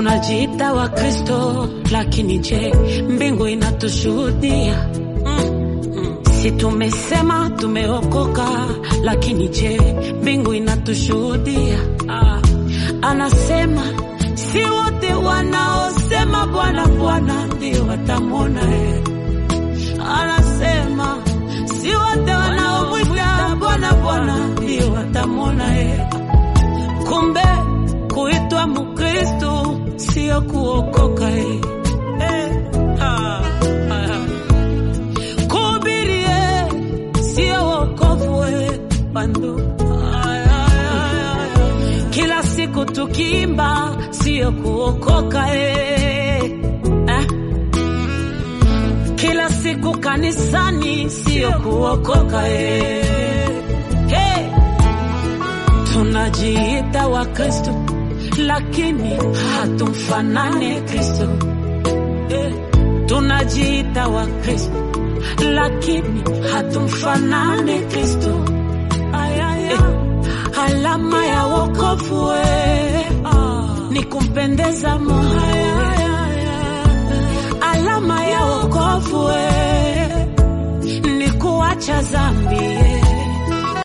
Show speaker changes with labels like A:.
A: tunajiita wa Kristo, lakini je, mbingu inatushuhudia? Mm, mm. Si tumesema tumeokoka, lakini je, mbingu inatushuhudia? ah. Anasema si wote wanaosema Bwana, Bwana ndio watamwona eh. Anasema si wote wanaomwita Bwana, Bwana ndio watamwona eh. Kumbe kuitwa Mkristo sio kuokoka hii eh, eh kuhubirie sio wokovu we bandu, kila siku tukiimba sio kuokoka eh. eh, kila siku kanisani sio kuokoka eh, hey, tunajiita Wakristo lakini hatumfanane Kristo. Eh, tunajiita wa Kristo lakini hatumfanane Kristo. alama ya wokovu ah, ni kumpendeza Mungu. Alama ya wokovu ni kuacha zambi